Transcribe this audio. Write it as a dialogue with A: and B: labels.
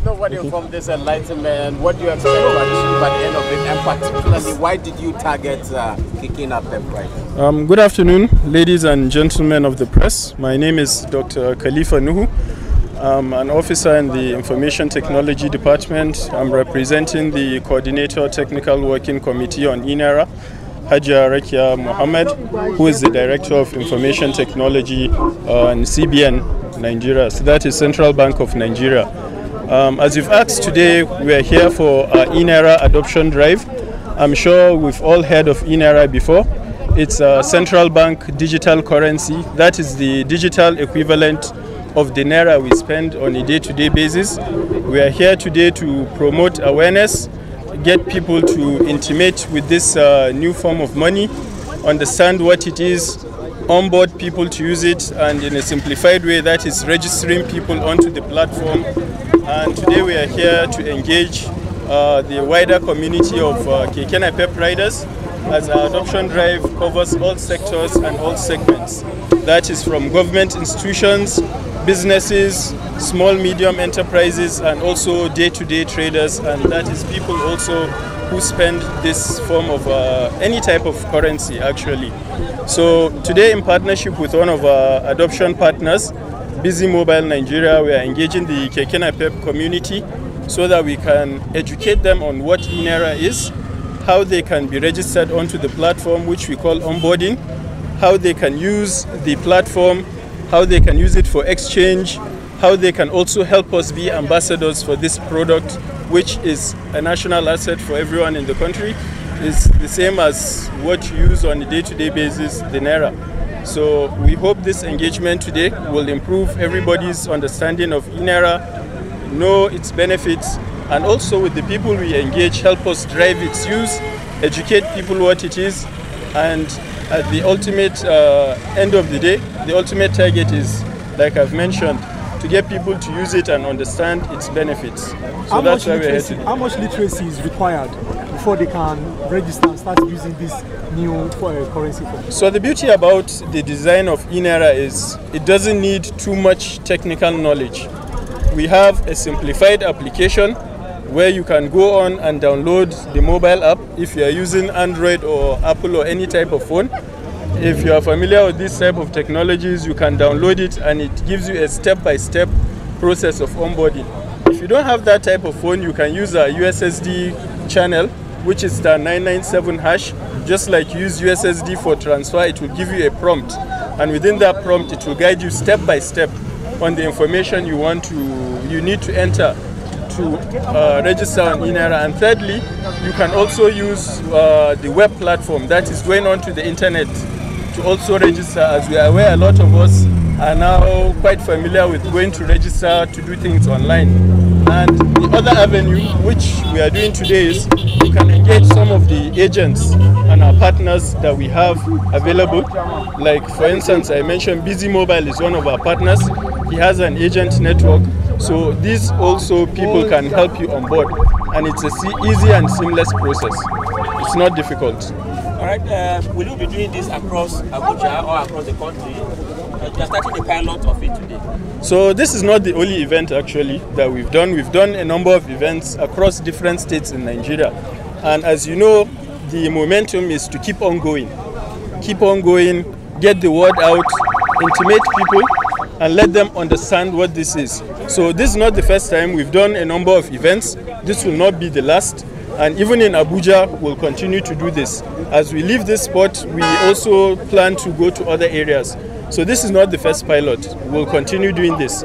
A: there's nobody from this enlightenment, what do you expect to achieve the end of it? And particularly, why did you target uh, kicking up the price? Um, good afternoon, ladies and gentlemen of the press. My name is Dr. Khalifa Nuhu. I'm an officer in the Information Technology Department. I'm representing the Coordinator Technical Working Committee on INERA, Hajia Rekia Mohammed, who is the Director of Information Technology on uh, CBN Nigeria. So that is Central Bank of Nigeria. Um, as you've asked today, we are here for our Inera adoption drive. I'm sure we've all heard of Inera before. It's a central bank digital currency. That is the digital equivalent of the Naira we spend on a day-to-day -day basis. We are here today to promote awareness, get people to intimate with this uh, new form of money, understand what it is, onboard people to use it and in a simplified way that is registering people onto the platform and today we are here to engage uh, the wider community of uh, riders as our adoption drive covers all sectors and all segments. That is from government institutions, businesses, small medium enterprises and also day-to-day -day traders and that is people also who spend this form of uh, any type of currency actually. So today in partnership with one of our adoption partners, Busy Mobile Nigeria, we are engaging the Keke community so that we can educate them on what Inera is, how they can be registered onto the platform, which we call onboarding, how they can use the platform, how they can use it for exchange, how they can also help us be ambassadors for this product, which is a national asset for everyone in the country. It's the same as what you use on a day-to-day -day basis, the Naira. So we hope this engagement today will improve everybody's understanding of INERA, know its benefits, and also with the people we engage, help us drive its use, educate people what it is, and at the ultimate uh, end of the day, the ultimate target is, like I've mentioned, to get people to use it and understand its benefits. So how that's why we're here How much literacy is required before they can register and start using this new uh, currency? So the beauty about the design of Inera is it doesn't need too much technical knowledge. We have a simplified application where you can go on and download the mobile app if you are using Android or Apple or any type of phone if you are familiar with this type of technologies, you can download it and it gives you a step-by-step -step process of onboarding. If you don't have that type of phone, you can use a USSD channel, which is the 997 hash. Just like use USSD for transfer, it will give you a prompt. And within that prompt, it will guide you step by step on the information you want to, you need to enter to uh, register on Inera. And thirdly, you can also use uh, the web platform that is going on to the internet to also register as we are aware a lot of us are now quite familiar with going to register to do things online. And the other avenue which we are doing today is we can engage some of the agents and our partners that we have available. Like for instance, I mentioned Busy Mobile is one of our partners. He has an agent network. So these also people can help you on board. And it's a easy and seamless process. It's not difficult. All right, uh, will you be doing this across Abuja or across the country? Uh, you are starting a pilot of it today. So this is not the only event actually that we've done. We've done a number of events across different states in Nigeria. And as you know, the momentum is to keep on going. Keep on going, get the word out, intimate people, and let them understand what this is. So this is not the first time. We've done a number of events. This will not be the last and even in Abuja, we'll continue to do this. As we leave this spot, we also plan to go to other areas. So this is not the first pilot. We'll continue doing this.